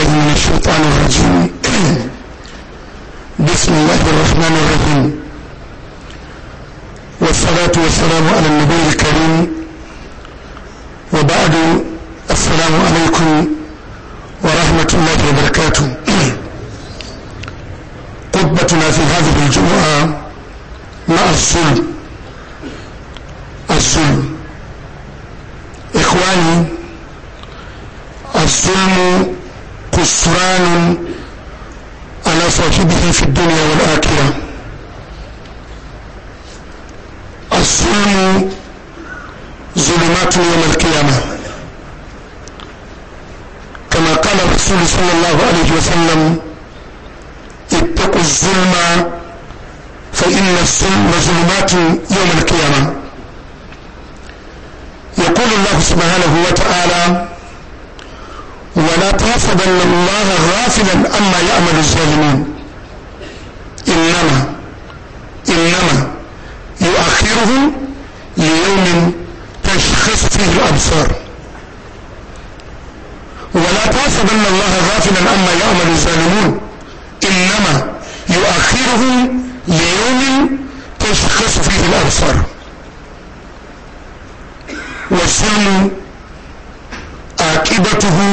بالله من الشيطان الرجيم بسم الله الرحمن الرحيم والصلاة والسلام على النبي الكريم وبعد السلام عليكم ورحمة الله وبركاته قبتنا في هذه الجمعة مع الصلب الصلب إخواني الظلم خسران على صاحبه في الدنيا والآخرة الظلم ظلمات يوم القيامة كما قال الرسول صلى الله عليه وسلم اتقوا الظلم فإن الظلم ظلمات يوم القيامة يقول الله سبحانه وتعالى يحسبن الله غافلا أما يأمل الظالمون إنما إنما يؤخرهم ليوم تشخص فيه الأبصار ولا تحسبن الله غافلا أما يأمل الظالمون إنما يؤخرهم ليوم تشخص فيه الأبصار والظلم عاقبته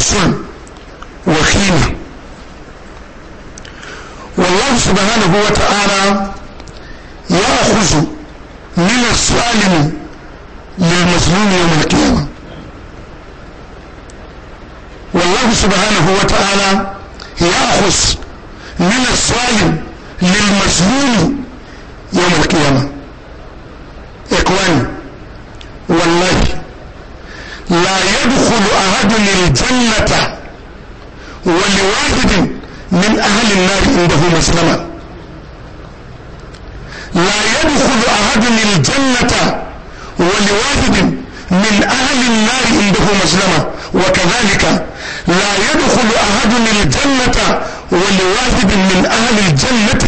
واسعة وخيمة والله سبحانه وتعالى يأخذ من السالم للمظلوم يوم القيامة والله سبحانه وتعالى يأخذ من السالم للمظلوم يوم القيامة ثلاثة ولواحد من أهل النار عنده مسلمة لا يدخل أحد الجنة ولواحد من أهل النار عنده مسلمة وكذلك لا يدخل أحد الجنة ولواحد من أهل الجنة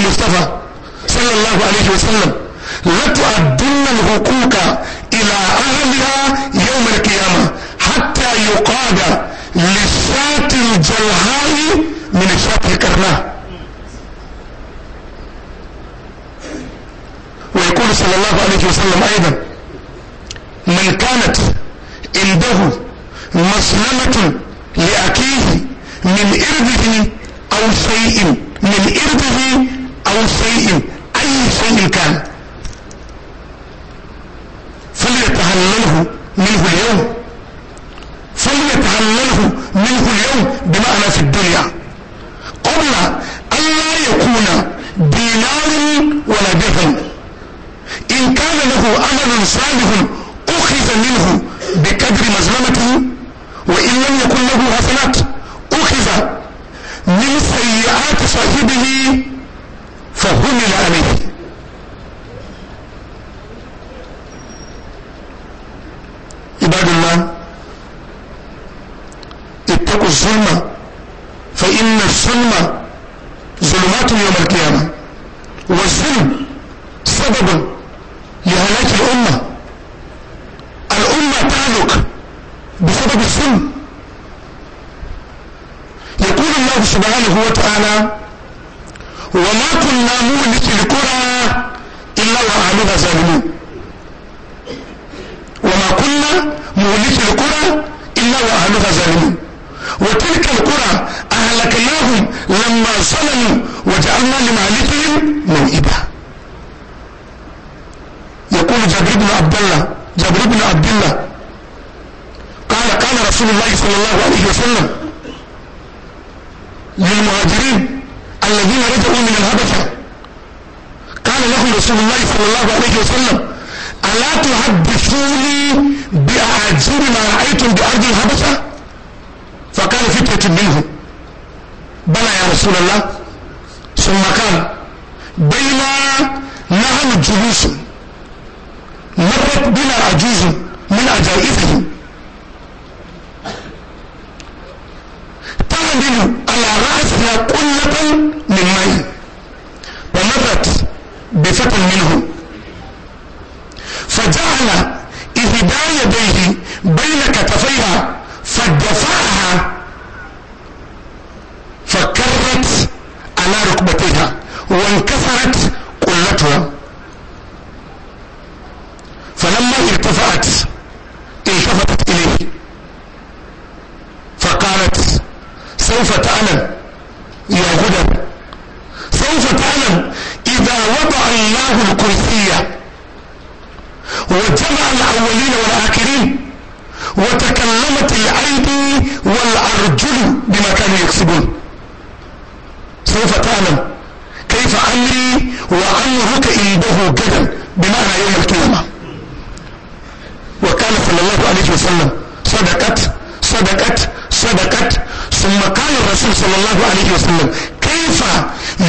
المصطفى صلى الله عليه وسلم لتؤدن الحقوق إلى أهلها يوم القيامة حتى يقاد للشاة الجلهاء من الشاة الكرماء ويقول صلى الله عليه وسلم أيضا من كانت عنده مسلمة لأكيه من إرضه أو شيء من إرضه او شيء اي شيء كان فليتهلله منه اليوم فليتهلله منه اليوم بمعنى في الدنيا قبل ان لا يكون دينار ولا درهم ان كان له امل صالح اخذ منه بقدر مظلمته وان لم يكن له حسنات بسبب السن يقول الله سبحانه وتعالى وما كنا مهلك القرى الا واهلها ظالمون وما كنا مهلك القرى الا واهلها ظالمون وتلك القرى اهلكناهم لما ظلموا وجعلنا لمالكهم موئبا يقول جابر بن عبد الله جابر بن عبد الله رسول الله صلى الله عليه وسلم للمهاجرين الذين رجعوا من الهدفة قال لهم رسول الله صلى الله عليه وسلم ألا تحدثوني بأعجب ما رأيتم بأرض الهدفة فقال فتنة منهم بلى يا رسول الله ثم قال بين نعم جلوس مرت بنا عجوز من أجائبهم سوف تعلم يا هدى سوف تعلم إذا وضع الله الكرسي وجمع الأولين والآخرين وتكلمت الأيدي والأرجل بما كانوا يكسبون سوف تعلم كيف أمري وأمرك عنده جدا بمعنى يوم القيامة وكان صلى الله عليه وسلم صدقت صدقت صدقت ثم قال الرسول صلى الله عليه وسلم كيف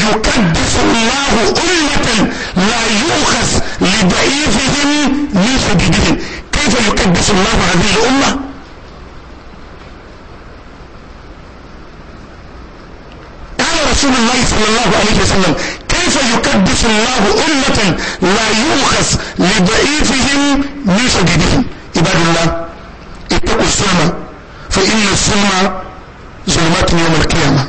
يكدس الله أمة لا يؤخذ لضعيفهم من حديدهم كيف يكدس الله هذه الأمة قال رسول الله صلى الله عليه وسلم كيف يكدس الله أمة لا يؤخذ لضعيفهم من حديدهم عباد الله اتقوا السلمة فإن السلمة ظلمات يوم القيامة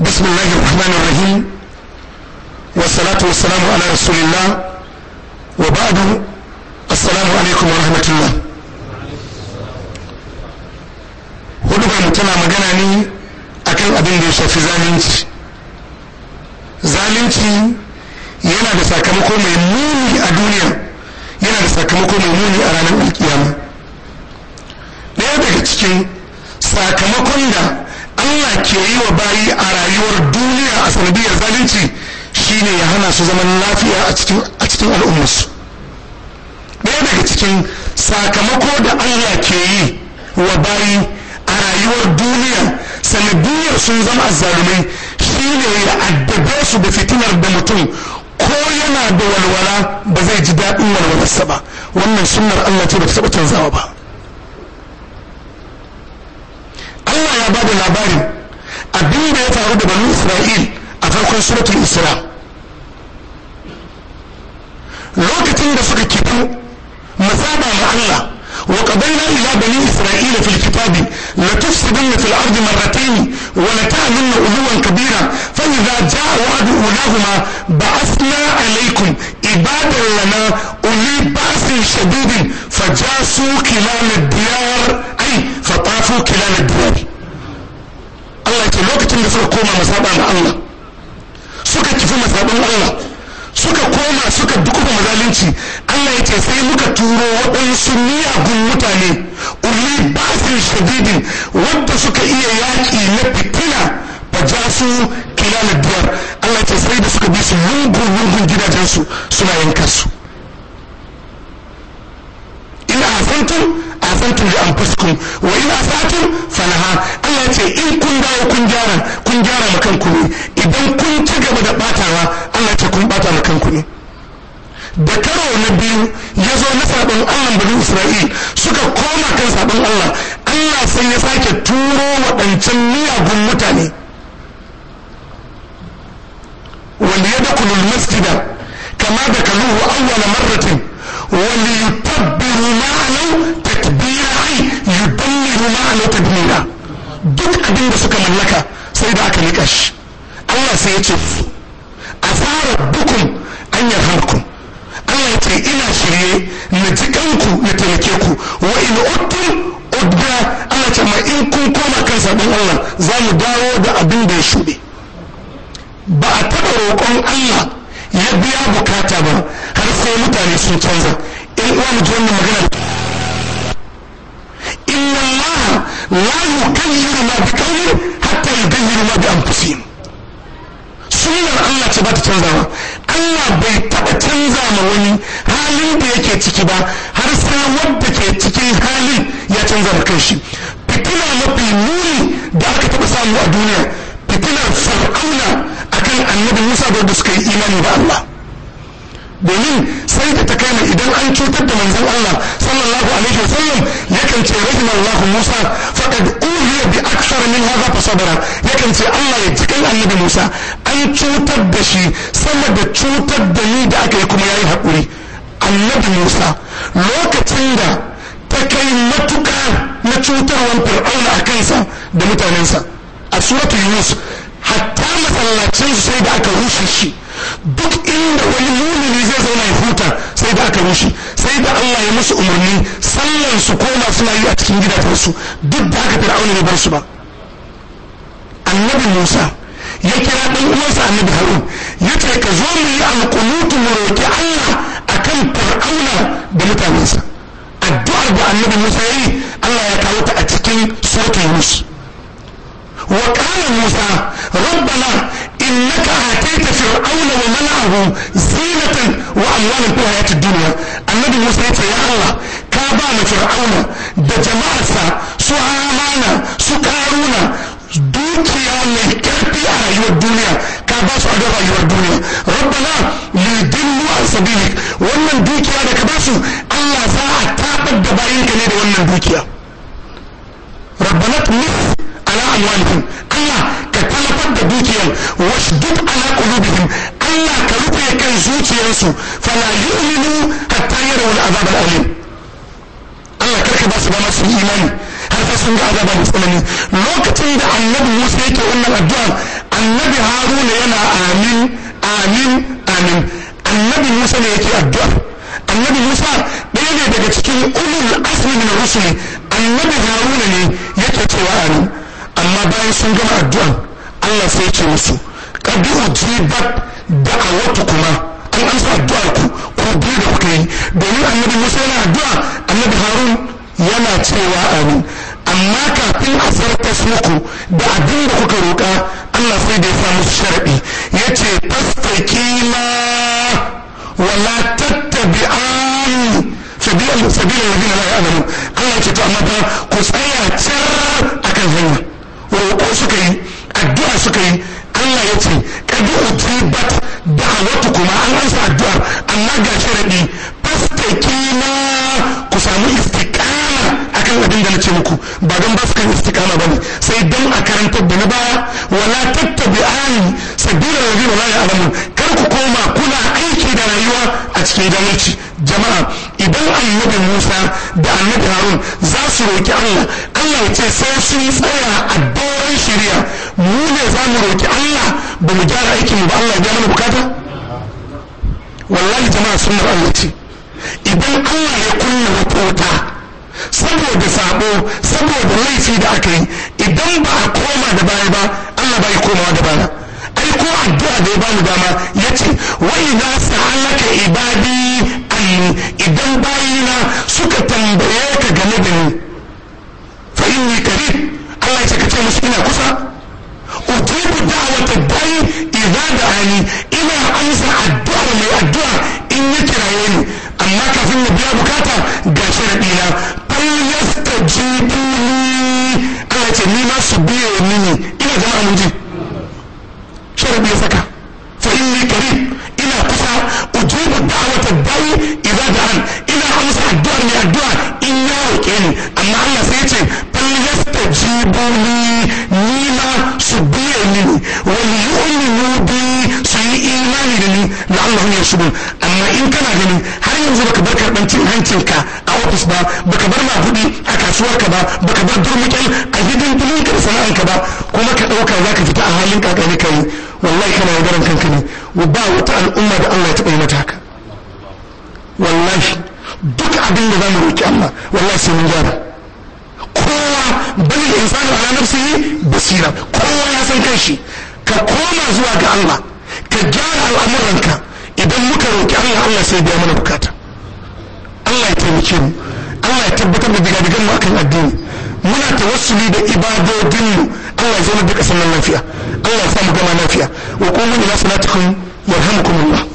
بسم الله الرحمن الرحيم والصلاة والسلام على رسول الله وبعد السلام عليكم ورحمة الله hudu ga mu tana magana ne akan abin da ya sakamako muni a ranar alkiyama ɗaya daga cikin sakamakon da allah ke yi wa bayi a rayuwar duniya a sanadiyar zalunci shine ya hana su zaman lafiya a cikin al'ummarsu ɗaya daga cikin sakamako da allah ke yi wa bayi a rayuwar duniya sanadiyar sun zama azzalumai shine ya addabe su da fitinar da mutum ko yana da walwala ba zai ji daɗin walwalarsa ba wannan sunnar Allah ce ba ta taɓa canzawa ba Allah ya ba da labarin abin da ya faru da Bani Isra'il a farkon suratul Isra lokacin da suka kifu masaba ga Allah وقضينا إلى بني إسرائيل في الكتاب لتفسدن في الأرض مرتين ولتعلن علوا كبيرا فإذا جاء وعد أولاهما بعثنا عليكم عبادا لنا أولي بأس شديد فجاسوا كلام الديار أي فطافوا كلام الديار الله يقول لك اللي في الحكومة مسابقا الله سكت في masabin الله سكت koma سكت dukufa mazalinci Allah ya ce sai muka turo waɗansu miyagun mutane uli basin shadidin wadda suka iya yaƙi na fitina ba ja su na biyar Allah ya ce sai da suka bi su mugun mugun gidajensu suna a su in asantum da an fuskun wa in fatan falaha Allah ya ce in kun dawo kun gyara kun gyara ma kanku ne idan kun ci gaba da batawa Allah ya ce kun bata ma kanku ne da karo na biyu ya zo na saɓon allah bari isra'il suka koma kan saɓon allah allah sai ya sake turo waɗancan miyagun mutane wanda ya dakulu masjida kama da kaluhu awwala marratin wanda yutabbiru ma'anau tatbira ai yudammiru ma'anau tadmira duk abin da suka mallaka sai da aka nika shi allah sai ya ce roƙon Allah ya biya bukata ba har sai mutane sun canza in uwa mu kan wannan magana inna Allah la yukallimu ma bi qawlin hatta yughayyiru ma bi anfusihim sunnar Allah ce ba ta canza ba Allah bai taɓa canza ma wani halin da yake ciki ba har sai wanda ke cikin halin ya canza da kanshi fitina mafi muni da aka taɓa samu a duniya fitinar fir'auna annabi musa da wanda suka yi imani da allah domin sai da ta kama idan an cutar da manzon allah sallallahu alaihi wasallam yakan ce rahim allah musa faqad uriya bi akthar min hadha fasabara yakan ce allah ya cikin annabi musa an cutar da shi sama da cutar da ni da aka yi kuma yayi haƙuri annabi musa lokacin da ta kai matuka na cutarwar fir'auna a kansa da mutanensa a suratul yunus hatta masallacin su sai da aka rushe shi duk inda wani mumini zai zauna ya huta sai da aka rushe sai da Allah ya musu umarni sallan su koma suna yi a cikin gidajen su duk da aka fir'auna bai bar su ba annabi Musa ya kira dan uwansa annabi Harun ya ce ka zo mu yi alqunutu mu roki Allah akan fir'auna da mutanensa addu'ar da annabi Musa yayi Allah ya kawo ta a cikin suratul Yunus وقال موسى ربنا انك اتيت فرعون وملعه زينة واموالا في حياة الدنيا النبي موسى يا الله كابا فرعون ده جماعة سعامانا سكارونا دوكي يا كربي ايو الدنيا كابا سعادوا ايو الدنيا ربنا ليدلوا عن سبيلك ومن دوكي يا كباسو الله ساعة تابد دبائين كنيد ومن دوكي ربنا تنفس ala amwalihim Allah ka talafar da dukiyar wasdud ala qulubihim Allah ka rufe kan zuciyarsu fala yu'minu hatta yarawul azab al-alim Allah karka ba su dama su yi imani har sai sun ga azaba da lokacin da annabi Musa yake wannan addu'a annabi Haruna yana amin amin amin annabi Musa ne yake addu'a annabi Musa ɗaya ne daga cikin ulul asli min rusuli annabi Haruna ne yake cewa amin amma bayan sun gama addu'an Allah sai ce musu kadu da awatu kuma an amsa addu'ar ku ku bi da kuka yi domin annabi Musa yana addu'a annabi Harun yana cewa amin amma kafin a sarkas muku da abin da kuka roƙa Allah sai da ya sa musu sharadi yace fastaqima wala tattabi'ani sabila sabila ladina la ya'lamun Allah ya ce to amma fa ku tsaya cer akan hanya roƙo suka yi addu'a suka yi Allah ya ce kadi ujibat da'awatu kuma an ansa addu'a amma ga sharadi fastakina ku samu istiqama akan abin da na ce muku ba don ba su kan istiqama ba ne sai dan a karantar da na baya wala tattabi ani sabila wa wala ya'lamun kar ku koma kuna aiki da rayuwa a cikin jahilci jama'a idan annabi Musa da annabi Harun za su roki Allah Allah ya ce sai sun tsaya a doron shari'a mu ne za mu roki Allah ba mu gyara aikin ba Allah ya gyara mana bukata wallahi jama'a sunnar Allah ce idan Allah ya kunna wata wuta saboda sabo saboda laifi da aka yi idan ba a koma da baya ba Allah bai komawa da baya ai ko addu'a da ya bani dama ya ce wai na sa'alaka ibadi ayi idan bayina suka tambaye ka game da ni fa inni Allah ya ce ka ce musu ina kusa addu'a in ya roƙe ni amma Allah sai ce falyasta jibuni ni ma su biye ni wani yu'minu bi su yi imani da ni da Allah ne su amma in kana gani har yanzu baka bar karɓar cin ka a ofis ba baka bar mabuɗi a kasuwar ka ba baka bar durmuƙel a gidan dulinka sana'ar ka ba kuma ka ɗauka za ka fita a halin kakani ka yi wallahi kana yaudaran kanka ne ba wata al'umma da Allah ya taɓa yi mata haka wallahi duk abin da za mu roƙi Allah wallahi sai mun gyara kowa bal insanu ala nafsihi basira kowa ya san kanshi ka koma zuwa ga Allah ka gyara al'amuranka idan muka roƙi Allah Allah sai biya mana bukata Allah ya taimake mu Allah ya tabbatar da digadigan mu akan addini muna tawassuli da ibadodin mu Allah ya zama duka kasan lafiya Allah ya samu gama lafiya wa qulu ila salatikum yarhamukumullah